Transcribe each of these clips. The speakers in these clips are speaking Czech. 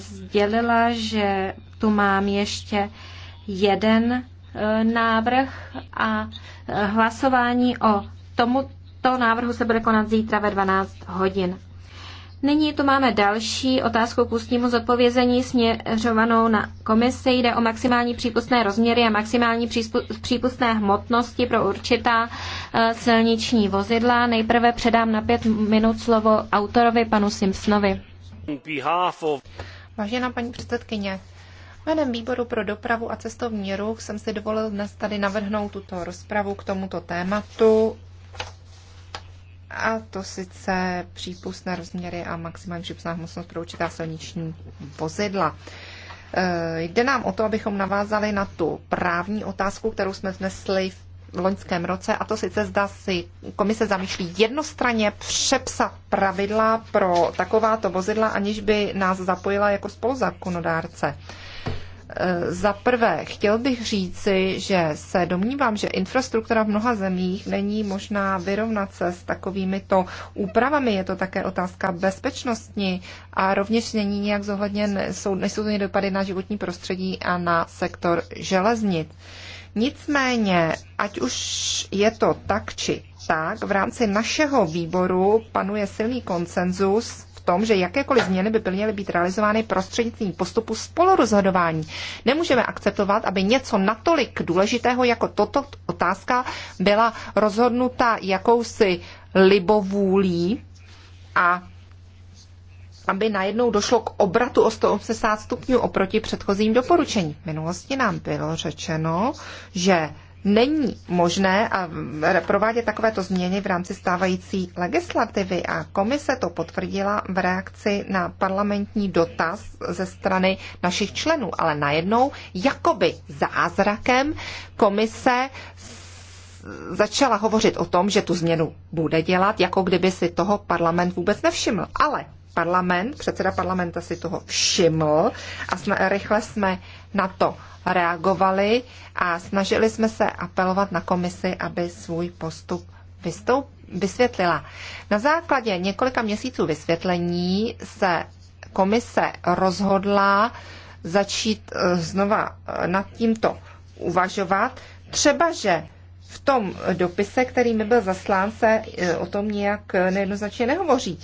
sdělila, že tu mám ještě jeden e, návrh a e, hlasování o tomuto návrhu se bude konat zítra ve 12 hodin. Nyní tu máme další otázku k ústnímu zodpovězení směřovanou na komisi. Jde o maximální přípustné rozměry a maximální přípustné hmotnosti pro určitá e, silniční vozidla. Nejprve předám na pět minut slovo autorovi panu Simpsonovi. Vážená paní předsedkyně, jménem výboru pro dopravu a cestovní ruch jsem si dovolil dnes tady navrhnout tuto rozpravu k tomuto tématu a to sice přípustné rozměry a maximální přípustná hmotnost pro určitá silniční vozidla. E, jde nám o to, abychom navázali na tu právní otázku, kterou jsme vznesli v v loňském roce, a to sice zda si komise zamýšlí jednostranně přepsat pravidla pro takováto vozidla, aniž by nás zapojila jako spoluzákonodárce. E, za prvé, chtěl bych říci, že se domnívám, že infrastruktura v mnoha zemích není možná vyrovnat se s takovými to úpravami. Je to také otázka bezpečnostní a rovněž není nějak zohledněn, nejsou to dopady na životní prostředí a na sektor železnic. Nicméně, ať už je to tak či tak, v rámci našeho výboru panuje silný konsenzus v tom, že jakékoliv změny by měly být realizovány prostřednictvím postupu spolurozhodování. Nemůžeme akceptovat, aby něco natolik důležitého jako toto otázka byla rozhodnuta jakousi libovůlí a aby najednou došlo k obratu o 180 stupňů oproti předchozím doporučení. V minulosti nám bylo řečeno, že není možné a provádět takovéto změny v rámci stávající legislativy a komise to potvrdila v reakci na parlamentní dotaz ze strany našich členů, ale najednou jakoby zázrakem komise začala hovořit o tom, že tu změnu bude dělat, jako kdyby si toho parlament vůbec nevšiml. Ale parlament, předseda parlamenta si toho všiml a jsme, rychle jsme na to reagovali a snažili jsme se apelovat na komisi, aby svůj postup vystoup- vysvětlila. Na základě několika měsíců vysvětlení se komise rozhodla začít eh, znova eh, nad tímto uvažovat. Třeba, že v tom dopise, který mi byl zaslán, se eh, o tom nějak nejednoznačně nehovoří.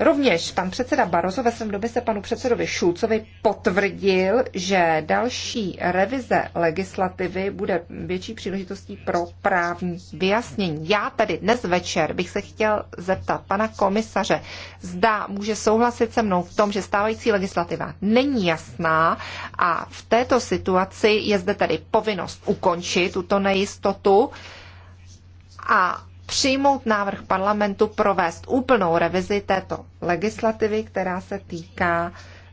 Rovněž pan předseda Barozo ve svém se panu předsedovi Šulcovi potvrdil, že další revize legislativy bude větší příležitostí pro právní vyjasnění. Já tedy dnes večer bych se chtěl zeptat pana komisaře, zda může souhlasit se mnou v tom, že stávající legislativa není jasná a v této situaci je zde tedy povinnost ukončit tuto nejistotu a přijmout návrh parlamentu provést úplnou revizi této legislativy, která se týká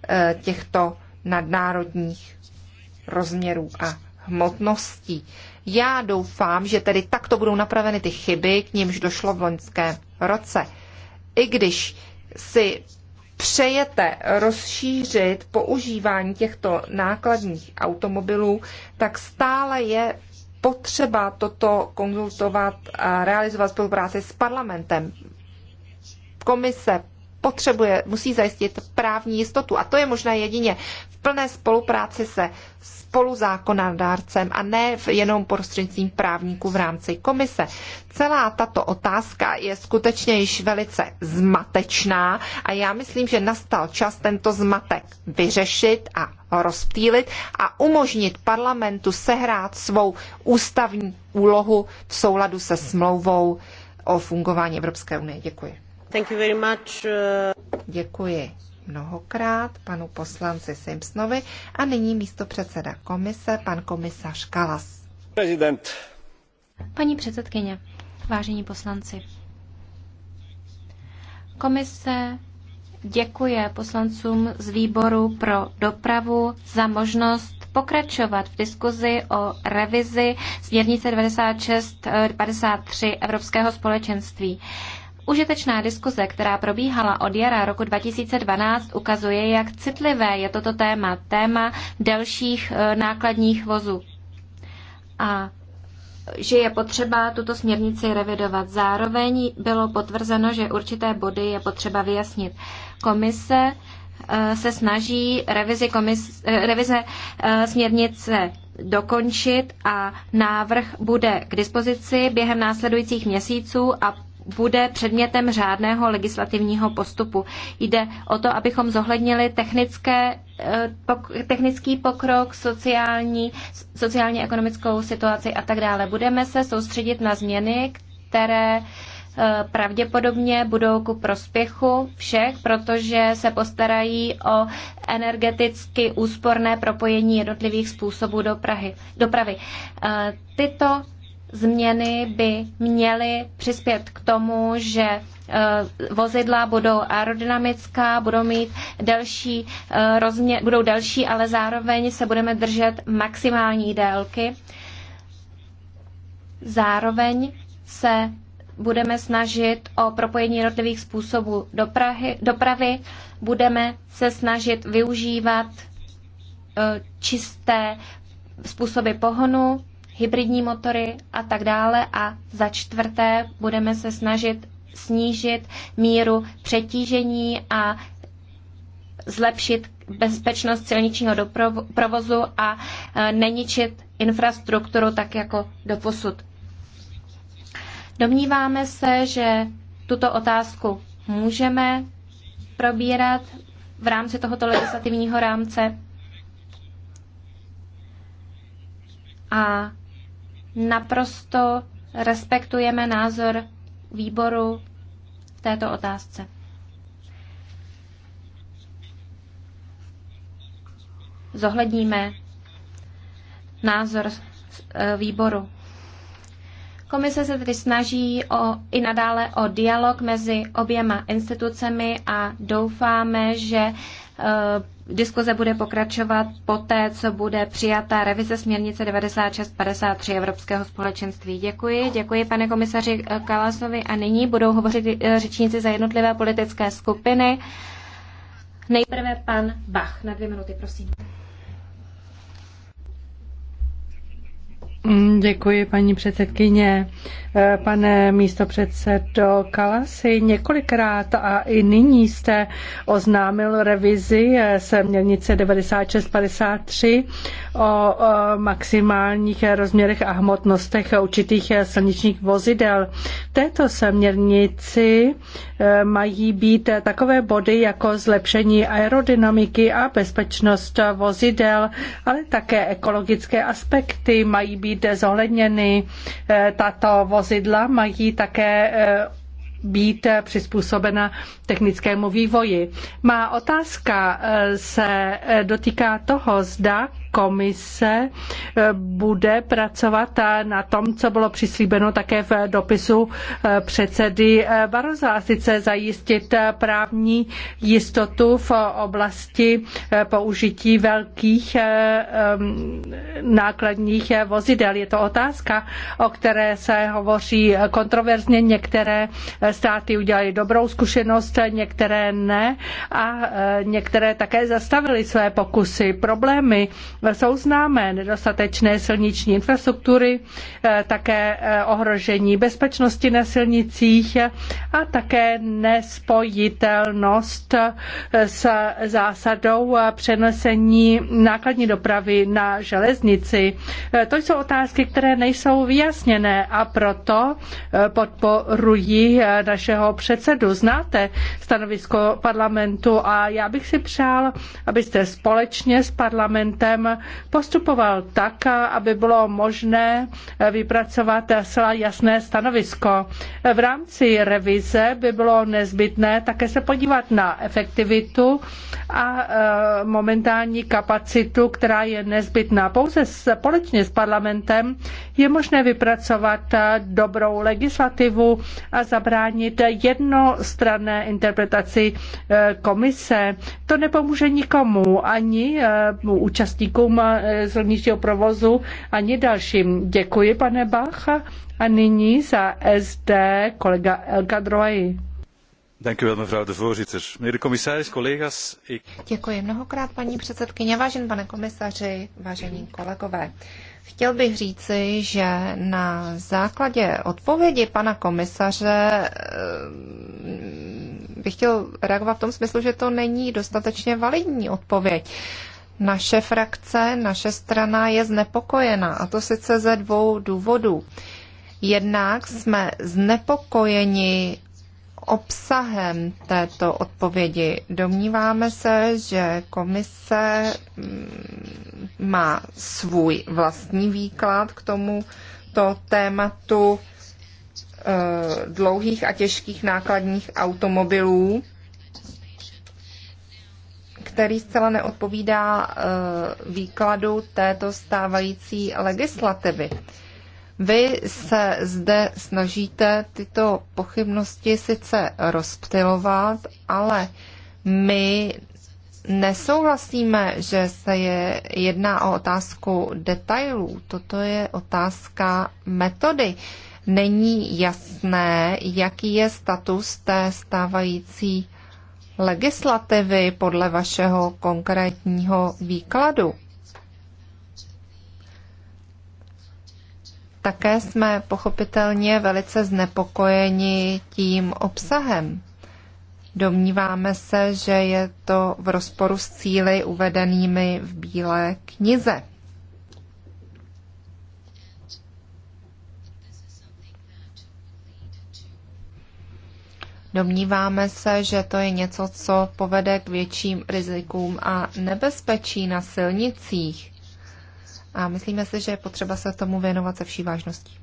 e, těchto nadnárodních rozměrů a hmotností. Já doufám, že tedy takto budou napraveny ty chyby, k nímž došlo v loňském roce. I když si přejete rozšířit používání těchto nákladních automobilů, tak stále je potřeba toto konzultovat a realizovat spolupráci s parlamentem. Komise potřebuje, musí zajistit právní jistotu. A to je možná jedině plné spolupráci se spoluzákonodárcem a ne jenom prostřednictvím právníků v rámci komise. Celá tato otázka je skutečně již velice zmatečná a já myslím, že nastal čas tento zmatek vyřešit a rozptýlit a umožnit parlamentu sehrát svou ústavní úlohu v souladu se smlouvou o fungování Evropské unie. Děkuji. Thank you very much. Uh, Děkuji mnohokrát panu poslanci Simpsonovi a nyní místo předseda komise, pan komisař Kalas. Prezident. Paní předsedkyně, vážení poslanci, komise děkuje poslancům z výboru pro dopravu za možnost pokračovat v diskuzi o revizi směrnice 2653 eh, Evropského společenství. Užitečná diskuze, která probíhala od jara roku 2012, ukazuje, jak citlivé je toto téma, téma delších eh, nákladních vozů. A že je potřeba tuto směrnici revidovat. Zároveň bylo potvrzeno, že určité body je potřeba vyjasnit. Komise eh, se snaží revizi komis, eh, revize směrnice dokončit a návrh bude k dispozici během následujících měsíců a bude předmětem řádného legislativního postupu. Jde o to, abychom zohlednili technické, eh, technický pokrok, sociální, sociálně ekonomickou situaci a tak dále. Budeme se soustředit na změny, které eh, pravděpodobně budou ku prospěchu všech, protože se postarají o energeticky úsporné propojení jednotlivých způsobů dopravy. Eh, tyto změny by měly přispět k tomu, že eh, vozidla budou aerodynamická, budou mít delší eh, rozměr, budou delší, ale zároveň se budeme držet maximální délky. Zároveň se budeme snažit o propojení jednotlivých způsobů dopravy, dopravy, budeme se snažit využívat eh, čisté způsoby pohonu, hybridní motory a tak dále. A za čtvrté budeme se snažit snížit míru přetížení a zlepšit bezpečnost silničního provozu a e, neničit infrastrukturu tak jako doposud. Domníváme se, že tuto otázku můžeme probírat v rámci tohoto legislativního rámce a naprosto respektujeme názor výboru v této otázce. Zohledníme názor eh, výboru. Komise se tedy snaží o, i nadále o dialog mezi oběma institucemi a doufáme, že e, diskuze bude pokračovat poté, co bude přijata revize směrnice 9653 Evropského společenství. Děkuji, děkuji pane komisaři e, Kalasovi a nyní budou hovořit e, řečníci za jednotlivé politické skupiny. Nejprve pan Bach na dvě minuty, prosím. Mm, děkuji, paní předsedkyně. Eh, pane místopředsedo Kalasi, několikrát a i nyní jste oznámil revizi eh, směrnice 9653 o maximálních rozměrech a hmotnostech určitých eh, silničních vozidel této směrnici eh, mají být takové body jako zlepšení aerodynamiky a bezpečnost vozidel, ale také ekologické aspekty mají být zohledněny. Eh, tato vozidla mají také eh, být přizpůsobena technickému vývoji. Má otázka se dotýká toho, zda komise eh, bude pracovat eh, na tom, co bylo přislíbeno také v dopisu eh, předsedy Baroza, a sice zajistit právní jistotu v oblasti použití velkých nákladních vozidel. Je to otázka, o které se hovoří kontroverzně. Některé státy udělaly dobrou zkušenost, některé ne a některé také zastavily své pokusy. Problémy jsou známé. Nedostatečné silniční infrastruktury, eh, také eh, ohrožení bezpečnosti na silnicích a také nespojitelnost eh, s zásadou přenesení nákladní dopravy na železnici. To jsou otázky, které nejsou vyjasněné a proto podporuji našeho předsedu. Znáte stanovisko parlamentu a já bych si přál, abyste společně s parlamentem postupoval tak, aby bylo možné vypracovat zcela jasné stanovisko. V rámci revize by bylo nezbytné také se podívat na efektivitu a e, momentální kapacitu, která je nezbytná. Pouze společně s parlamentem je možné vypracovat dobrou legislativu a zabránit jednostranné interpretaci e, komise. To nepomůže nikomu, ani e, účastníkům výrobcům eh, silničního provozu ani dalším. Děkuji, pane Bacha. A nyní za SD kolega El Kadroji. Děkuji mnohokrát, paní předsedkyně, vážen pane komisaři, vážení kolegové. Chtěl bych říci, že na základě odpovědi pana komisaře eh, bych chtěl reagovat v tom smyslu, že to není dostatečně validní odpověď. Naše frakce, naše strana je znepokojena, a to sice ze dvou důvodů. Jednak jsme znepokojeni obsahem této odpovědi. Domníváme se, že komise mm, má svůj vlastní výklad k tomuto tématu eh, dlouhých a těžkých nákladních automobilů který zcela neodpovídá eh, výkladu této stávající legislativy. Vy se zde snažíte tyto pochybnosti sice rozptilovat, ale my nesouhlasíme, že se je, jedná o otázku detailů. Toto je otázka metody. Není jasné, jaký je status té stávající legislativy podle vašeho konkrétního výkladu. Také jsme pochopitelně velice znepokojeni tím obsahem. Domníváme se, že je to v rozporu s cíly uvedenými v Bílé knize. Domníváme se, že to je něco, co povede k větším rizikům a nebezpečí na silnicích. A myslíme si, že je potřeba se tomu věnovat se vší vážností.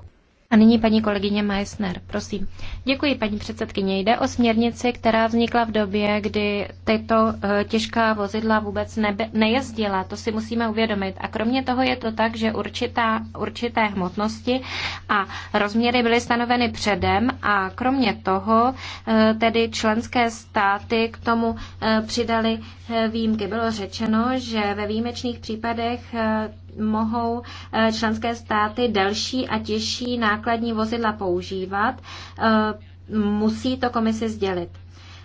A nyní paní kolegyně Meissner, prosím. Děkuji, paní předsedkyně. Jde o směrnici, která vznikla v době, kdy tyto eh, těžká vozidla vůbec nebe, nejezdila. To si musíme uvědomit. A kromě toho je to tak, že určitá, určité hmotnosti a rozměry byly stanoveny předem a kromě toho eh, tedy členské státy k tomu eh, přidali výjimky. Bylo řečeno, že ve výjimečných případech mohou eh, členské státy delší a těžší nákladní vozidla používat, eh, musí to komisi sdělit.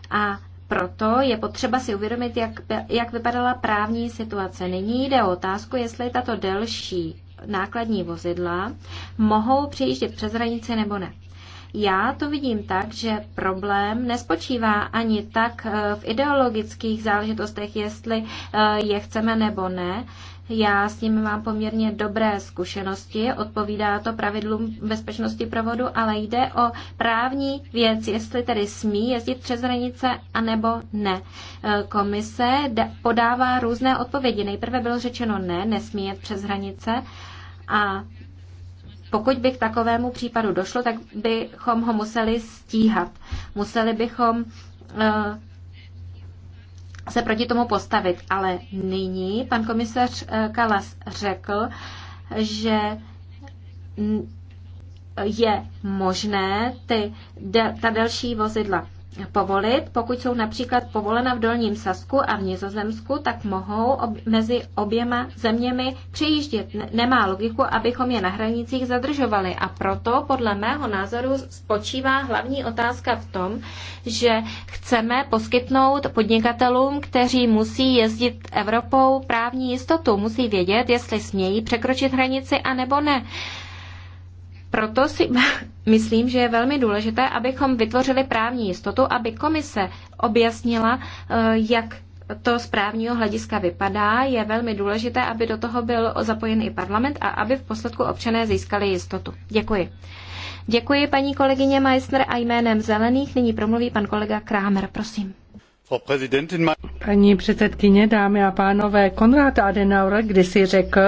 A proto je potřeba si uvědomit, jak, jak vypadala právní situace. Nyní jde o otázku, jestli tato delší nákladní vozidla mohou přijíždět přes hranice nebo ne. Já to vidím tak, že problém nespočívá ani tak eh, v ideologických záležitostech, jestli je chceme nebo ne. Já s tím mám poměrně dobré zkušenosti, odpovídá to pravidlům bezpečnosti provodu, ale jde o právní věc, jestli tedy smí jezdit přes hranice, anebo ne. E, komise podává různé odpovědi. Nejprve bylo řečeno ne, nesmí jet přes hranice a pokud by k takovému případu došlo, tak bychom ho museli stíhat. Museli bychom e, se proti tomu postavit. Ale nyní pan komisař eh, Kalas řekl, že je možné ty, de, ta další vozidla povolit. Pokud jsou například povolena v Dolním Sasku a v Nizozemsku, tak mohou ob- mezi oběma zeměmi přejíždět. N- nemá logiku, abychom je na hranicích zadržovali. A proto, podle mého názoru, spočívá hlavní otázka v tom, že chceme poskytnout podnikatelům, kteří musí jezdit Evropou právní jistotu. Musí vědět, jestli smějí překročit hranici a nebo ne. Proto si myslím, že je velmi důležité, abychom vytvořili právní jistotu, aby komise objasnila, eh, jak to z právního hlediska vypadá. Je velmi důležité, aby do toho byl zapojen i parlament a aby v posledku občané získali jistotu. Děkuji. Děkuji paní kolegyně Meissner a jménem Zelených nyní promluví pan kolega Krámer, prosím. Paní předsedkyně, dámy a pánové, Konrad Adenauer kdysi řekl,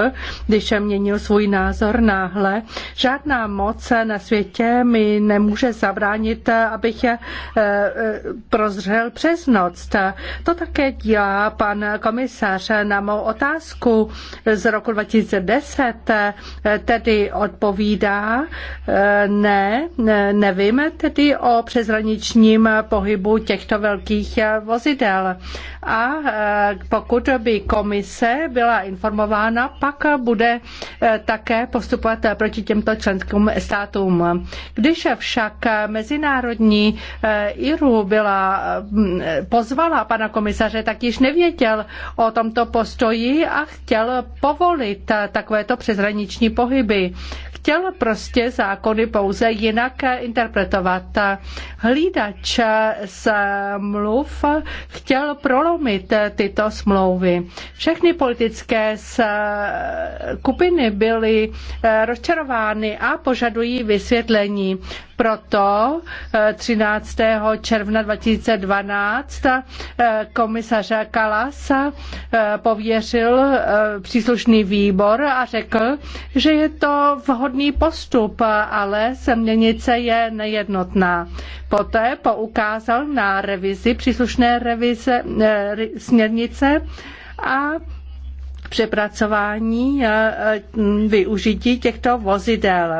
když měnil svůj názor náhle, žádná moc na světě mi nemůže zabránit, abych eh, eh, prozřel přes noc. To také dělá pan komisař na mou otázku z roku 2010, tedy odpovídá, eh, ne, nevím tedy o přezraničním pohybu těchto velkých vozidel a e, pokud by komise byla informována, pak bude e, také postupovat proti těmto členským státům. Když však Mezinárodní e, IRU byla, pozvala pana komisaře, tak již nevěděl o tomto postoji a chtěl povolit takovéto přeshraniční pohyby chtěl prostě zákony pouze jinak interpretovat. Hlídač mluv chtěl prolomit tyto smlouvy. Všechny politické skupiny byly eh, rozčarovány a požadují vysvětlení. Proto 13. Eh, června 2012 eh, komisař Kalas pověřil příslušný výbor a řekl, že je to vhodné vhodný postup, ale směrnice je nejednotná. Poté poukázal na revizi příslušné revize eh, směrnice a přepracování eh, hm, využití těchto vozidel.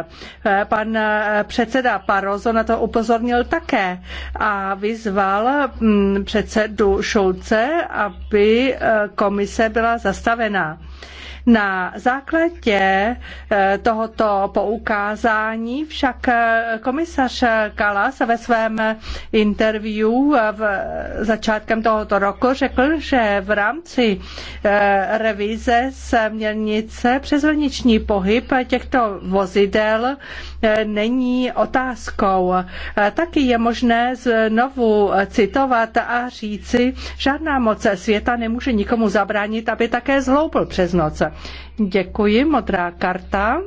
Eh, pan předseda Parozo na to upozornil také a vyzval hm, předsedu Šulce, aby komise byla zastavena. Na základě eh, tohoto poukázání však eh, komisař Kalas ve svém interview eh, v začátkem tohoto roku řekl, že v rámci revize směrnice vlniční pohyb těchto vozidel není otázkou. Taky je možné znovu citovat a říci, žádná moc světa nemůže nikomu zabránit, aby také zhloupl přes noc. Děkuji, modrá karta.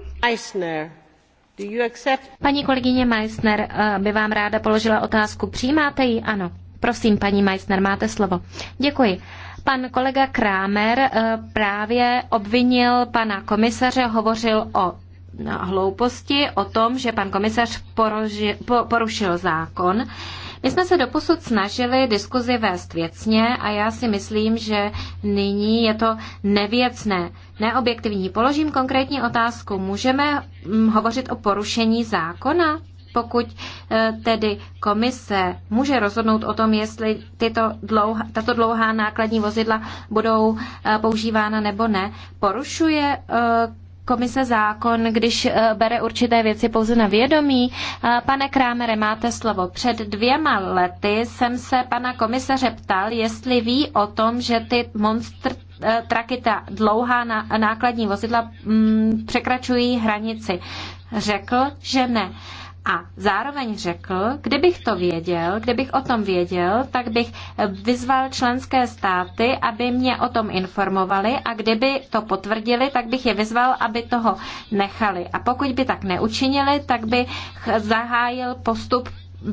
Paní kolegyně Meissner eh, by vám ráda položila otázku. Přijímáte ji? Ano. Prosím, paní Meissner, máte slovo. Děkuji. Pan kolega Krámer eh, právě obvinil pana komisaře, hovořil o eh, hlouposti, o tom, že pan komisař porušil zákon. My jsme se doposud snažili diskuzi vést věcně a já si myslím, že nyní je to nevěcné, neobjektivní. Položím konkrétní otázku. Můžeme mm, hovořit o porušení zákona? pokud e, tedy komise může rozhodnout o tom, jestli tyto dlouhá, tato dlouhá nákladní vozidla budou e, používána nebo ne, porušuje e, komise zákon, když eh, bere určité věci pouze na vědomí. Eh, pane Krámere, máte slovo. Před dvěma lety jsem se pana komisaře ptal, jestli ví o tom, že ty monstr eh, traky, ta dlouhá nákladní vozidla, mm, překračují hranici. Řekl, že ne. A zároveň řekl, kdybych to věděl, kdybych o tom věděl, tak bych vyzval členské státy, aby mě o tom informovali a kdyby to potvrdili, tak bych je vyzval, aby toho nechali. A pokud by tak neučinili, tak by zahájil postup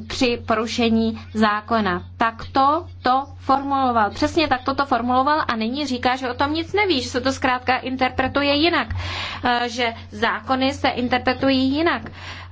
při porušení zákona. Takto to formuloval. Přesně tak toto formuloval a nyní říká, že o tom nic neví, že se to zkrátka interpretuje jinak, e, že zákony se interpretují jinak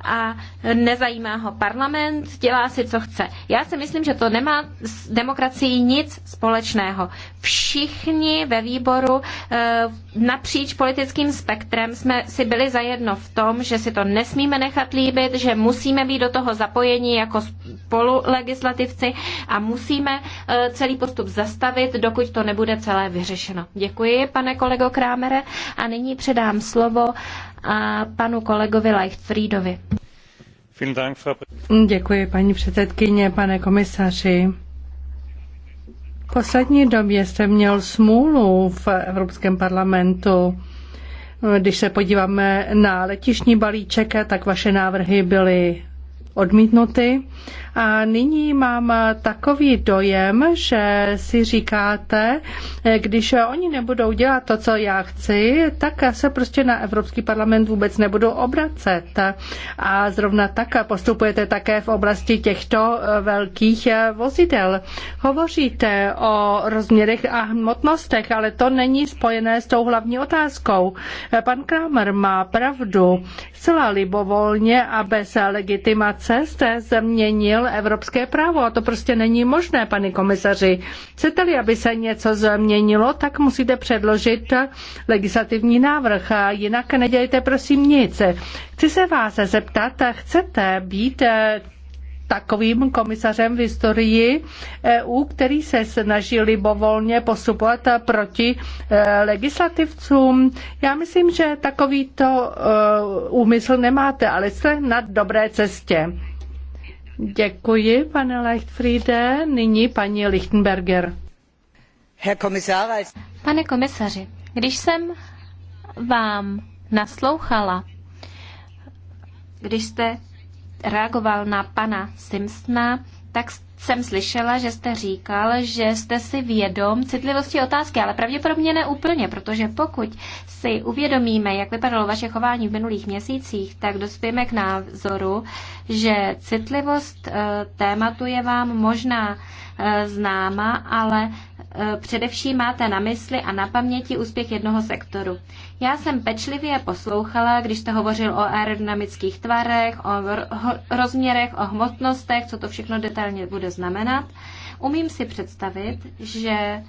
a nezajímá ho parlament, dělá si, co chce. Já si myslím, že to nemá s demokracií nic společného. Všichni ve výboru e, napříč politickým spektrem jsme si byli zajedno v tom, že si to nesmíme nechat líbit, že musíme být do toho zapojeni jako spolulegislativci a musíme Eh, celý postup zastavit, dokud to nebude celé vyřešeno. Děkuji, pane kolego Krámere, a nyní předám slovo eh, panu kolegovi Leichtfriedovi. Děkuji, paní předsedkyně, pane komisaři. V poslední době jste měl smůlu v Evropském parlamentu. Když se podíváme na letišní balíček, tak vaše návrhy byly odmítnuty a nyní mám takový dojem, že si říkáte, eh, když oni nebudou dělat to, co já chci, tak se prostě na Evropský parlament vůbec nebudou obracet. A zrovna tak postupujete také v oblasti těchto eh, velkých eh, vozidel. Hovoříte o rozměrech a hmotnostech, ale to není spojené s tou hlavní otázkou. Pan Kramer má pravdu. Zcela libovolně a bez legitimace jste změnil evropské právo a to prostě není možné, pane komisaři. Chcete-li, aby se něco změnilo, tak musíte předložit legislativní návrh a jinak nedělejte prosím nic. Chci se vás zeptat, chcete být eh, takovým komisařem v historii EU, který se snaží libovolně postupovat proti eh, legislativcům. Já myslím, že takovýto eh, úmysl nemáte, ale jste na dobré cestě. Děkuji, pane Leichtfriede. Nyní paní Lichtenberger. Pane komisaři, když jsem vám naslouchala, když jste reagoval na pana Simpsona, tak jsem slyšela, že jste říkal, že jste si vědom citlivosti otázky, ale pravděpodobně ne úplně, protože pokud si uvědomíme, jak vypadalo vaše chování v minulých měsících, tak dospějeme k názoru, že citlivost eh, tématu je vám možná eh, známa, ale eh, především máte na mysli a na paměti úspěch jednoho sektoru. Já jsem pečlivě poslouchala, když jste hovořil o aerodynamických tvarech, o rozměrech, o hmotnostech, co to všechno detailně bude znamenat. Umím si představit, že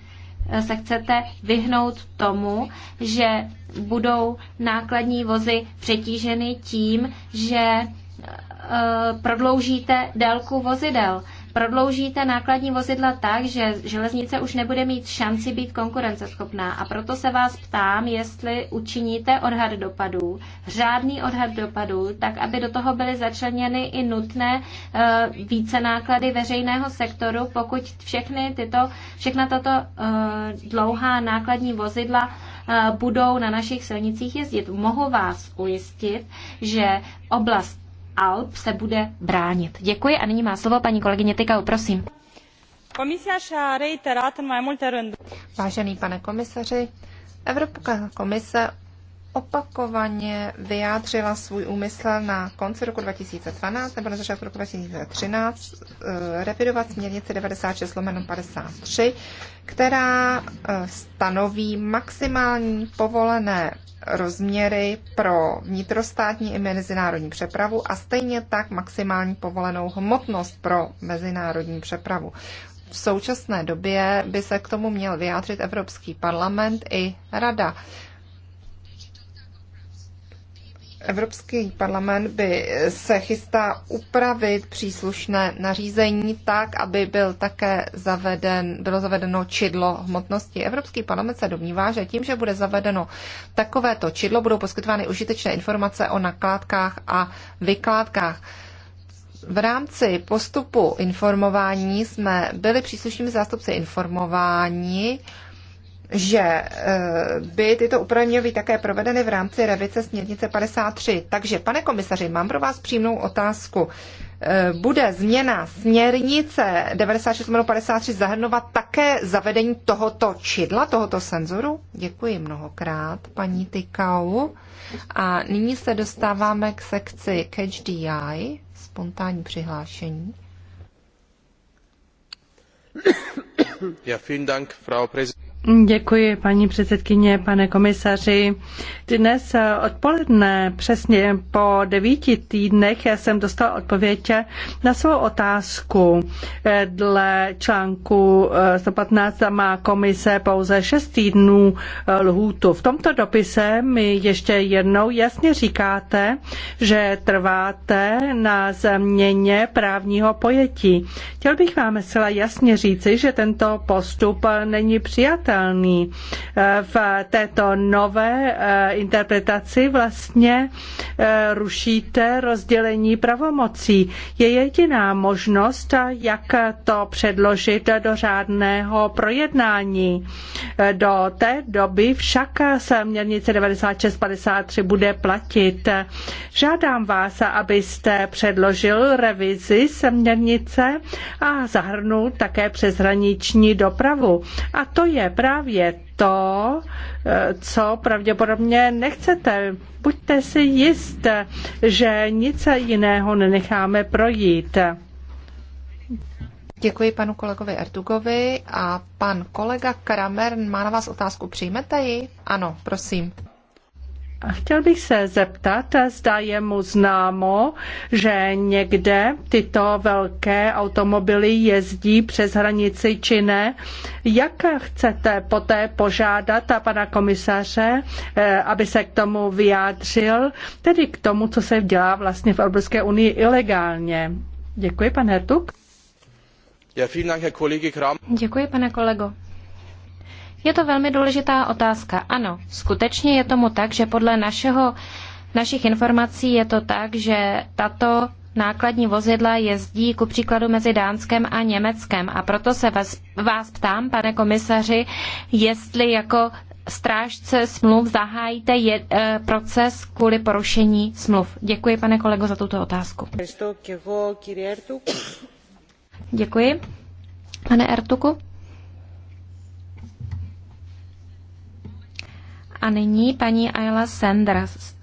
eh, se chcete vyhnout tomu, že budou nákladní vozy přetíženy tím, že eh, prodloužíte délku vozidel prodloužíte nákladní vozidla tak, že železnice už nebude mít šanci být konkurenceschopná. A proto se vás ptám, jestli učiníte odhad dopadů, řádný odhad dopadů, tak aby do toho byly začleněny i nutné e, více náklady veřejného sektoru, pokud všechny tyto, všechna tato e, dlouhá nákladní vozidla eh, budou na našich silnicích jezdit. Mohu vás ujistit, že oblast Alp se bude bránit. Děkuji a nyní má slovo paní kolegyně Tykau, prosím. Vážený pane komisaři, Evropská komise opakovaně vyjádřila svůj úmysl na konci roku 2012 nebo na začátku roku 2013 eh, revidovat směrnici 96 53, která eh, stanoví maximální povolené rozměry pro vnitrostátní i mezinárodní přepravu a stejně tak maximální povolenou hmotnost pro mezinárodní přepravu. V současné době by se k tomu měl vyjádřit Evropský parlament i Rada. Evropský parlament by se chystá upravit příslušné nařízení tak, aby byl také zaveden, bylo zavedeno čidlo hmotnosti. Evropský parlament se domnívá, že tím, že bude zavedeno takovéto čidlo, budou poskytovány užitečné informace o nakládkách a vykládkách. V rámci postupu informování jsme byli příslušnými zástupci informování že eh, by tyto úpravy měly být také provedeny v rámci revice směrnice 53. Takže, pane komisaři, mám pro vás přímou otázku. Eh, bude změna směrnice 96.53 zahrnovat také zavedení tohoto čidla, tohoto senzoru? Děkuji mnohokrát, paní Tykau. A nyní se dostáváme k sekci Catch DI, spontánní přihlášení. Ja, vielen Dank, Frau Präsidentin. Děkuji, paní předsedkyně, pane komisaři. Dnes odpoledne, přesně po devíti týdnech, jsem dostal odpověď na svou otázku. Dle článku 115 má komise pouze šest týdnů eh, lhůtu. V tomto dopise mi ještě jednou jasně říkáte, že trváte na změně právního pojetí. Chtěl bych vám zcela jasně říci, že tento postup není přijat přijatelný. Eh, v této nové eh, interpretaci vlastně eh, rušíte rozdělení pravomocí. Je jediná možnost, jak to předložit do řádného projednání. Do té doby však směrnice 9653 bude platit. Žádám vás, abyste předložil revizi směrnice a zahrnul také přeshraniční dopravu. A to je právě to, eh, co pravděpodobně nechcete. Buďte si jist, že nic jiného nenecháme projít. Děkuji panu kolegovi Ertugovi a pan kolega Kramer má na vás otázku. Přijmete ji? Ano, prosím. Chtěl bych se zeptat, zda je mu známo, že někde tyto velké automobily jezdí přes hranici či ne. Jak chcete poté požádat a pana komisaře, eh, aby se k tomu vyjádřil, tedy k tomu, co se dělá vlastně v Evropské unii ilegálně? Děkuji, pane Hertuk. Děkuji, pane kolego. Je to velmi důležitá otázka. Ano, skutečně je tomu tak, že podle našeho, našich informací je to tak, že tato nákladní vozidla jezdí ku příkladu mezi Dánskem a Německem. A proto se vás, vás ptám, pane komisaři, jestli jako strážce smluv zahájíte je, e, proces kvůli porušení smluv. Děkuji, pane kolego, za tuto otázku. Děkuji. Pane Ertuku. A nyní paní Ayla Sanders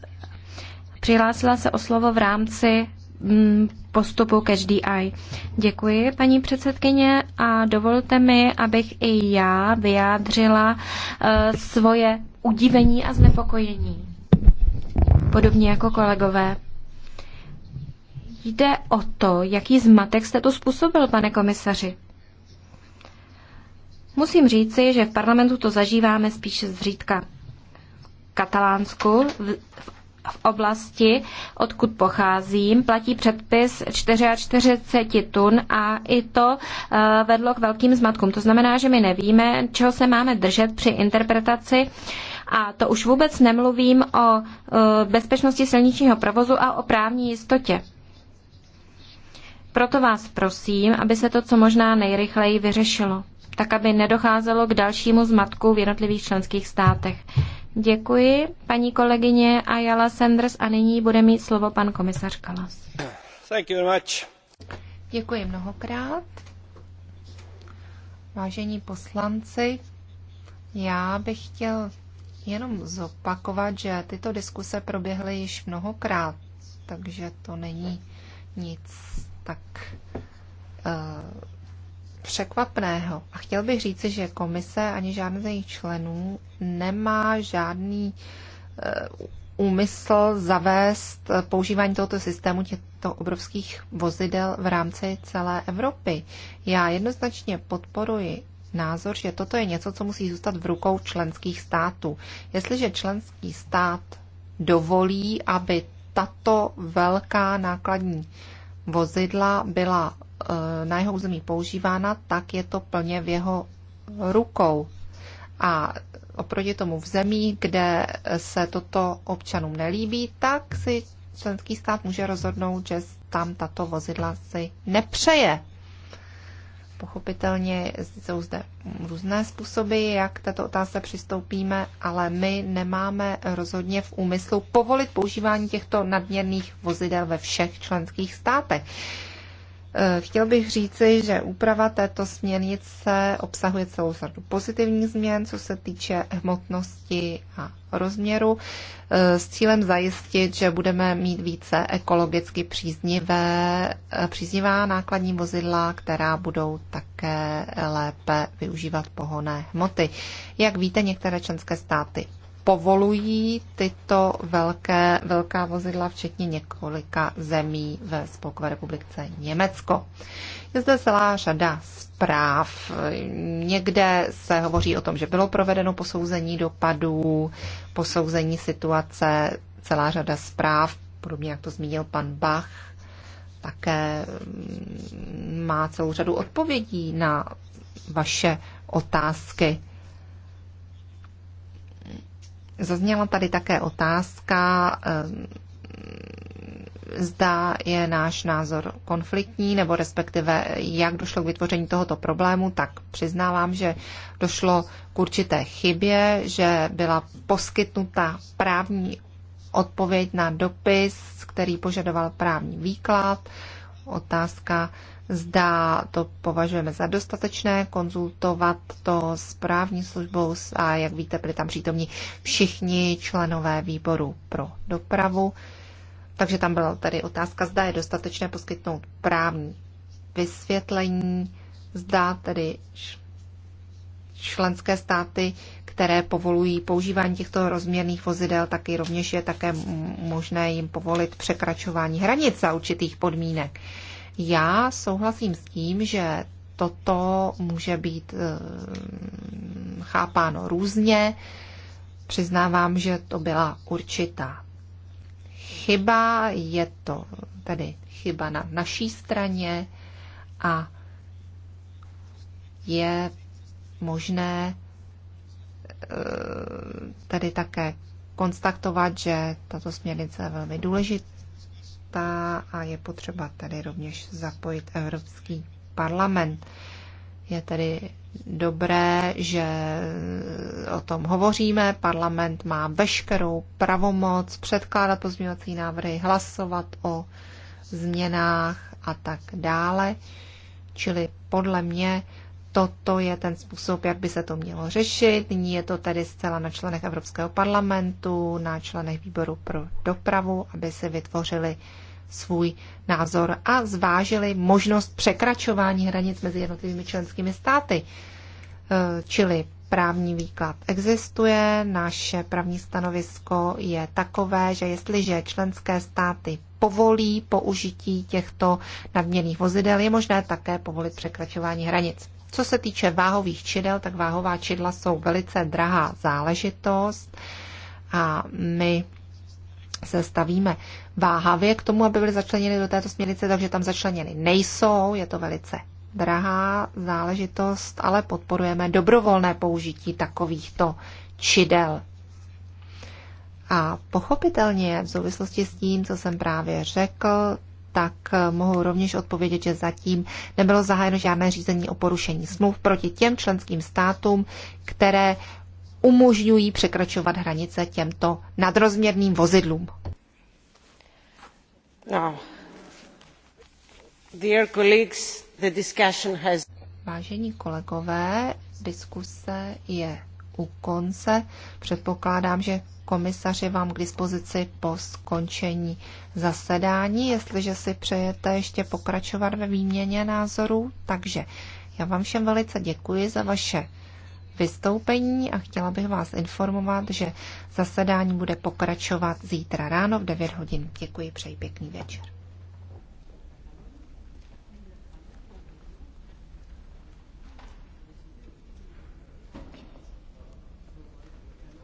přihlásila se o slovo v rámci mm, postupu každý aj. Děkuji, paní předsedkyně, a dovolte mi, abych i já vyjádřila uh, svoje udívení a znepokojení. Podobně jako kolegové. Jde o to, jaký zmatek jste to způsobil, pane komisaři. Musím říci, že v parlamentu to zažíváme spíše zřídka. Katalánsku v, v oblasti, odkud pocházím, platí předpis 44 tun a i to eh, vedlo k velkým zmatkům. To znamená, že my nevíme, čeho se máme držet při interpretaci a to už vůbec nemluvím o eh, bezpečnosti silničního provozu a o právní jistotě. Proto vás prosím, aby se to co možná nejrychleji vyřešilo tak aby nedocházelo k dalšímu zmatku v jednotlivých členských státech. Děkuji, paní kolegyně Ayala Sanders, a nyní bude mít slovo pan komisař Kalas. Thank you very much. Děkuji mnohokrát. Vážení poslanci, já bych chtěl jenom zopakovat, že tyto diskuse proběhly již mnohokrát, takže to není nic tak uh, překvapného. A chtěl bych říci, že komise ani žádný z jejich členů nemá žádný eh, úmysl zavést eh, používání tohoto systému těchto obrovských vozidel v rámci celé Evropy. Já jednoznačně podporuji názor, že toto je něco, co musí zůstat v rukou členských států. Jestliže členský stát dovolí, aby tato velká nákladní vozidla byla Eh, na jeho území používána, tak je to plně v jeho rukou. A oproti tomu v zemí, kde se toto občanům nelíbí, tak si členský stát může rozhodnout, že tam tato vozidla si nepřeje. Pochopitelně jsou zde různé způsoby, jak k této otázce přistoupíme, ale my nemáme rozhodně v úmyslu povolit používání těchto nadměrných vozidel ve všech členských státech. Eh, chtěl bych říci, že úprava této směrnice obsahuje celou řadu pozitivních změn, co se týče hmotnosti a rozměru, eh, s cílem zajistit, že budeme mít více ekologicky příznivé, eh, příznivá nákladní vozidla, která budou také lépe využívat pohonné hmoty. Jak víte, některé členské státy povolují tyto velké, velká vozidla, včetně několika zemí ve Spolkové republice Německo. Je zde celá řada zpráv. Někde se hovoří o tom, že bylo provedeno posouzení dopadů, posouzení situace, celá řada zpráv, podobně jak to zmínil pan Bach, také mm, má celou řadu odpovědí na vaše otázky. Zazněla tady také otázka, eh, zda je náš názor konfliktní, nebo respektive jak došlo k vytvoření tohoto problému, tak přiznávám, že došlo k určité chybě, že byla poskytnuta právní odpověď na dopis, který požadoval právní výklad. Otázka zda to považujeme za dostatečné, konzultovat to s právní službou a jak víte, byli tam přítomní všichni členové výboru pro dopravu. Takže tam byla tady otázka, zda je dostatečné poskytnout právní vysvětlení, zda tedy členské státy, které povolují používání těchto rozměrných vozidel, taky rovněž je také možné jim povolit překračování hranic za určitých podmínek. Já souhlasím s tím, že toto může být eh, chápáno různě. Přiznávám, že to byla určitá chyba, je to tedy chyba na naší straně a je možné eh, tedy také konstatovat, že tato směrnice je velmi důležitá témata a je potřeba tady rovněž zapojit Evropský parlament. Je tedy dobré, že o tom hovoříme. Parlament má veškerou pravomoc předkládat pozměňovací návrhy, hlasovat o změnách a tak dále. Čili podle mě toto je ten způsob, jak by se to mělo řešit. Nyní je to tedy zcela na členech Evropského parlamentu, na členech výboru pro dopravu, aby se vytvořili svůj názor a zvážili možnost překračování hranic mezi jednotlivými členskými státy. E, čili právní výklad existuje, naše právní stanovisko je takové, že jestliže členské státy povolí použití těchto nadměrných vozidel, je možné také povolit překračování hranic. Co se týče váhových čidel, tak váhová čidla jsou velice drahá záležitost a my se stavíme váhavě k tomu, aby byly začleněny do této směrnice, takže tam začleněny nejsou, je to velice drahá záležitost, ale podporujeme dobrovolné použití takovýchto čidel. A pochopitelně v souvislosti s tím, co jsem právě řekl, tak eh, mohu rovněž odpovědět, že zatím nebylo zahájeno žádné řízení o porušení smluv proti těm členským státům, které umožňují překračovat hranice těmto nadrozměrným vozidlům. Dear colleagues, the discussion has... Vážení kolegové, diskuse je u konce. Předpokládám, že komisaři vám k dispozici po skončení zasedání, jestliže si přejete ještě pokračovat ve výměně názorů. Takže já vám všem velice děkuji za vaše vystoupení a chtěla bych vás informovat, že zasedání bude pokračovat zítra ráno v 9 hodin. Děkuji, přeji pěkný večer.